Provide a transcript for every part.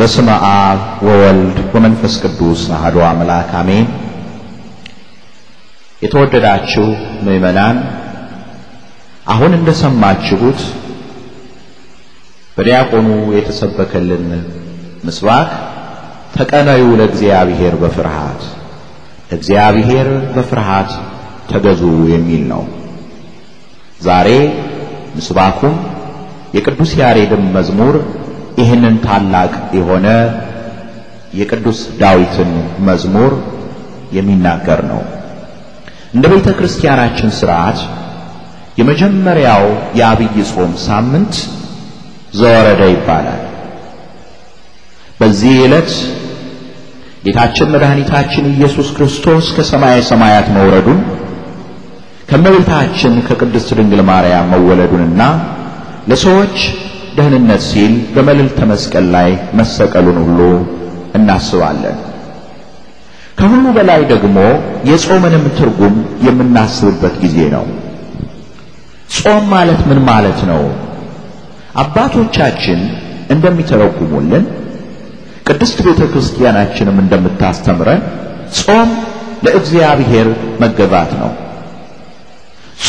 በስመ አብ ወወልድ ወመንፈስ ቅዱስ አሐዱ አምላክ አሜን። የተወደዳችሁ ምዕመናን አሁን እንደሰማችሁት በዲያቆኑ የተሰበከልን ምስባክ ተቀነዩ ለእግዚአብሔር በፍርሃት ለእግዚአብሔር በፍርሃት ተገዙ የሚል ነው። ዛሬ ምስባኩም የቅዱስ ያሬድም መዝሙር ይህንን ታላቅ የሆነ የቅዱስ ዳዊትን መዝሙር የሚናገር ነው። እንደ ቤተ ክርስቲያናችን ስርዓት የመጀመሪያው የአብይ ጾም ሳምንት ዘወረደ ይባላል። በዚህ ዕለት ጌታችን መድኃኒታችን ኢየሱስ ክርስቶስ ከሰማይ ሰማያት መውረዱን ከመቤታችን ከቅድስት ድንግል ማርያም መወለዱንና ለሰዎች ደህንነት ሲል በመልዕልተ መስቀል ላይ መሰቀሉን ሁሉ እናስባለን። ከሁሉ በላይ ደግሞ የጾምንም ትርጉም የምናስብበት ጊዜ ነው። ጾም ማለት ምን ማለት ነው? አባቶቻችን እንደሚተረጉሙልን ቅድስት ቤተ ክርስቲያናችንም እንደምታስተምረን ጾም ለእግዚአብሔር መገዛት ነው።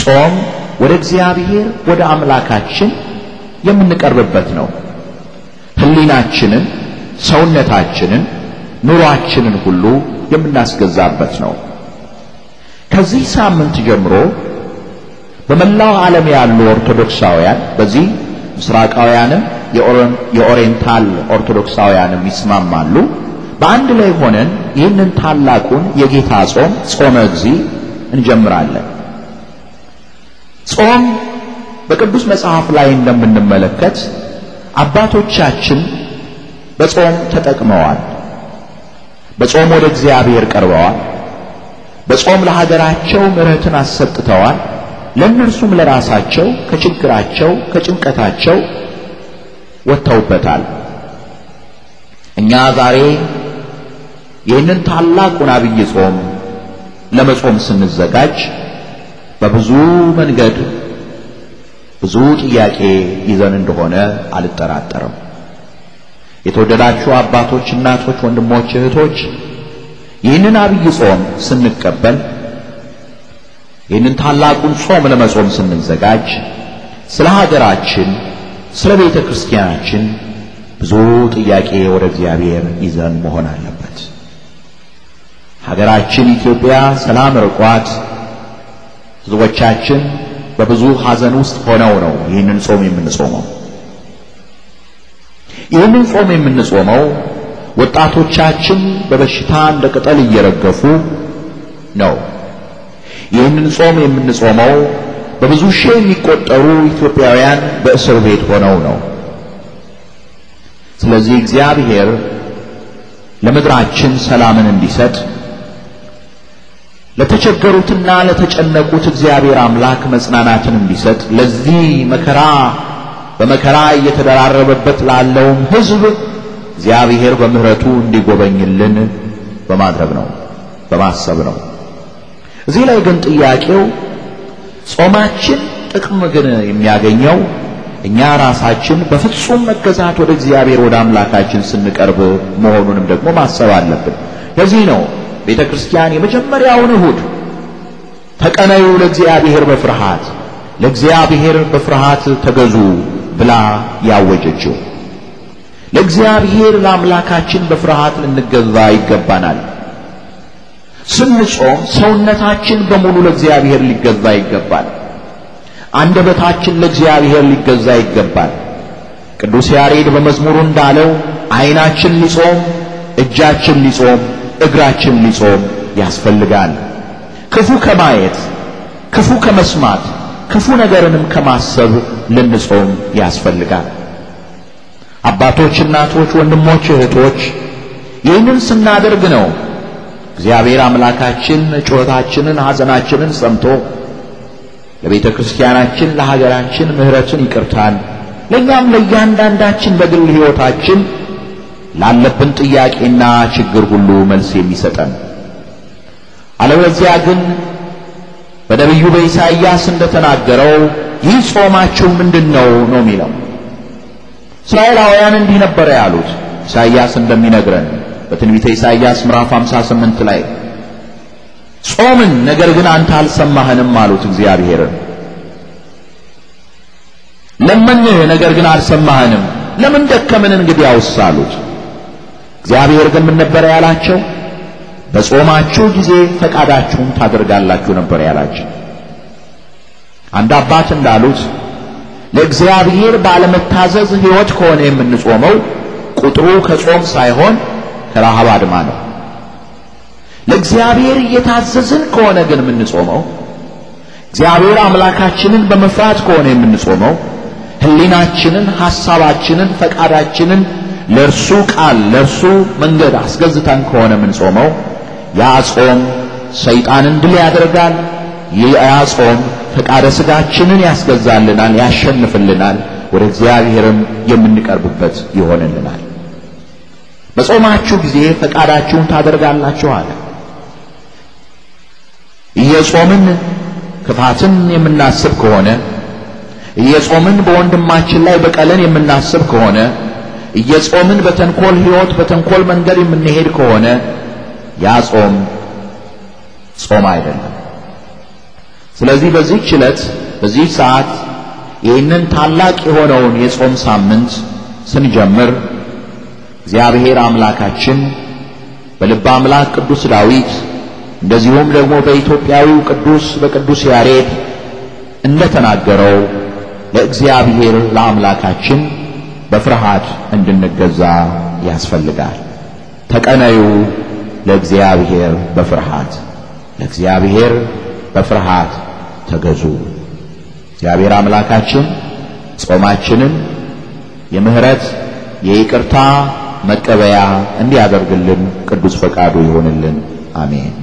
ጾም ወደ እግዚአብሔር ወደ አምላካችን የምንቀርብበት ነው። ህሊናችንን፣ ሰውነታችንን፣ ኑሯችንን ሁሉ የምናስገዛበት ነው። ከዚህ ሳምንት ጀምሮ በመላው ዓለም ያሉ ኦርቶዶክሳውያን በዚህ ምስራቃውያንም የኦሪየንታል ኦርቶዶክሳውያንም ይስማማሉ። በአንድ ላይ ሆነን ይህንን ታላቁን የጌታ ጾም ጾመ እግዚእ እንጀምራለን። ጾም በቅዱስ መጽሐፍ ላይ እንደምንመለከት አባቶቻችን በጾም ተጠቅመዋል። በጾም ወደ እግዚአብሔር ቀርበዋል። በጾም ለሀገራቸው ምሕረትን አሰጥተዋል። ለእነርሱም ለራሳቸው ከችግራቸው ከጭንቀታቸው ወጥተውበታል። እኛ ዛሬ ይህንን ታላቁን አብይ ጾም ለመጾም ስንዘጋጅ በብዙ መንገድ ብዙ ጥያቄ ይዘን እንደሆነ አልጠራጠርም። የተወደዳችሁ አባቶች፣ እናቶች፣ ወንድሞች፣ እህቶች ይህንን አብይ ጾም ስንቀበል ይህንን ታላቁን ጾም ለመጾም ስንዘጋጅ ስለ ሀገራችን፣ ስለ ቤተ ክርስቲያናችን ብዙ ጥያቄ ወደ እግዚአብሔር ይዘን መሆን አለበት። ሀገራችን ኢትዮጵያ ሰላም ርቋት ህዝቦቻችን በብዙ ሐዘን ውስጥ ሆነው ነው ይህንን ጾም የምንጾመው። ይህንን ጾም የምንጾመው ወጣቶቻችን በበሽታ እንደ ቅጠል እየረገፉ ነው። ይህንን ጾም የምንጾመው በብዙ ሺህ የሚቆጠሩ ኢትዮጵያውያን በእስር ቤት ሆነው ነው። ስለዚህ እግዚአብሔር ለምድራችን ሰላምን እንዲሰጥ ለተቸገሩትና ለተጨነቁት እግዚአብሔር አምላክ መጽናናትን እንዲሰጥ ለዚህ መከራ በመከራ እየተደራረበበት ላለውም ሕዝብ እግዚአብሔር በምሕረቱ እንዲጎበኝልን በማድረግ ነው በማሰብ ነው። እዚህ ላይ ግን ጥያቄው ጾማችን ጥቅም ግን የሚያገኘው እኛ ራሳችን በፍጹም መገዛት ወደ እግዚአብሔር ወደ አምላካችን ስንቀርብ መሆኑንም ደግሞ ማሰብ አለብን። ለዚህ ነው ቤተ ክርስቲያን የመጀመሪያውን እሁድ ተቀነዩ ለእግዚአብሔር በፍርሃት ለእግዚአብሔር በፍርሃት ተገዙ ብላ ያወጀችው ለእግዚአብሔር ለአምላካችን በፍርሃት ልንገዛ ይገባናል። ስንጾም ሰውነታችን በሙሉ ለእግዚአብሔር ሊገዛ ይገባል። አንደበታችን ለእግዚአብሔር ሊገዛ ይገባል። ቅዱስ ያሬድ በመዝሙሩ እንዳለው ዓይናችን ሊጾም፣ እጃችን ሊጾም እግራችን ሊጾም ያስፈልጋል። ክፉ ከማየት፣ ክፉ ከመስማት፣ ክፉ ነገርንም ከማሰብ ልንጾም ያስፈልጋል። አባቶች፣ እናቶች፣ ወንድሞች፣ እህቶች ይህንን ስናደርግ ነው እግዚአብሔር አምላካችን ጩኸታችንን፣ ሐዘናችንን ሰምቶ ለቤተ ክርስቲያናችን፣ ለሀገራችን ምሕረትን፣ ይቅርታን ለእኛም ለእያንዳንዳችን በግል ሕይወታችን ላለብን ጥያቄና ችግር ሁሉ መልስ የሚሰጠን። አለበለዚያ ግን በነቢዩ በኢሳይያስ እንደተናገረው ይህ ጾማችሁ ምንድን ነው ነው የሚለው። እስራኤላውያን እንዲህ ነበረ ያሉት ኢሳይያስ እንደሚነግረን በትንቢተ ኢሳይያስ ምዕራፍ 58 ላይ ጾምን፣ ነገር ግን አንተ አልሰማህንም አሉት እግዚአብሔርን። ለመንህ፣ ነገር ግን አልሰማህንም። ለምን ደከምን አውስ አሉት። እግዚአብሔር ግን ምን ነበረ ያላቸው? በጾማችሁ ጊዜ ፈቃዳችሁን ታደርጋላችሁ ነበር ያላቸው። አንድ አባት እንዳሉት ለእግዚአብሔር ባለመታዘዝ ሕይወት ከሆነ የምንጾመው ቁጥሩ ከጾም ሳይሆን ከረሃብ አድማ ነው። ለእግዚአብሔር እየታዘዝን ከሆነ ግን የምንጾመው እግዚአብሔር አምላካችንን በመፍራት ከሆነ የምንጾመው ሕሊናችንን፣ ሐሳባችንን፣ ፈቃዳችንን ለእርሱ ቃል ለእርሱ መንገድ አስገዝታን ከሆነ ምን ጾመው ያ ጾም ሰይጣንን ድል ያደርጋል። ያ ጾም ፈቃደ ስጋችንን ያስገዛልናል፣ ያሸንፍልናል። ወደ እግዚአብሔርም የምንቀርብበት ይሆንልናል። በጾማችሁ ጊዜ ፈቃዳችሁን ታደርጋላችሁ አለ። እየጾምን ክፋትን የምናስብ ከሆነ እየጾምን በወንድማችን ላይ በቀለን የምናስብ ከሆነ እየጾምን በተንኮል ሕይወት በተንኮል መንገድ የምንሄድ ከሆነ ያ ጾም ጾም አይደለም። ስለዚህ በዚህ ዕለት በዚህ ሰዓት ይህንን ታላቅ የሆነውን የጾም ሳምንት ስንጀምር እግዚአብሔር አምላካችን በልበ አምላክ ቅዱስ ዳዊት እንደዚሁም ደግሞ በኢትዮጵያዊው ቅዱስ በቅዱስ ያሬድ እንደተናገረው ለእግዚአብሔር ለአምላካችን በፍርሃት እንድንገዛ ያስፈልጋል። ተቀነዩ ለእግዚአብሔር በፍርሃት ለእግዚአብሔር በፍርሃት ተገዙ። እግዚአብሔር አምላካችን ጾማችንን የምህረት የይቅርታ መቀበያ እንዲያደርግልን ቅዱስ ፈቃዱ ይሆንልን። አሜን።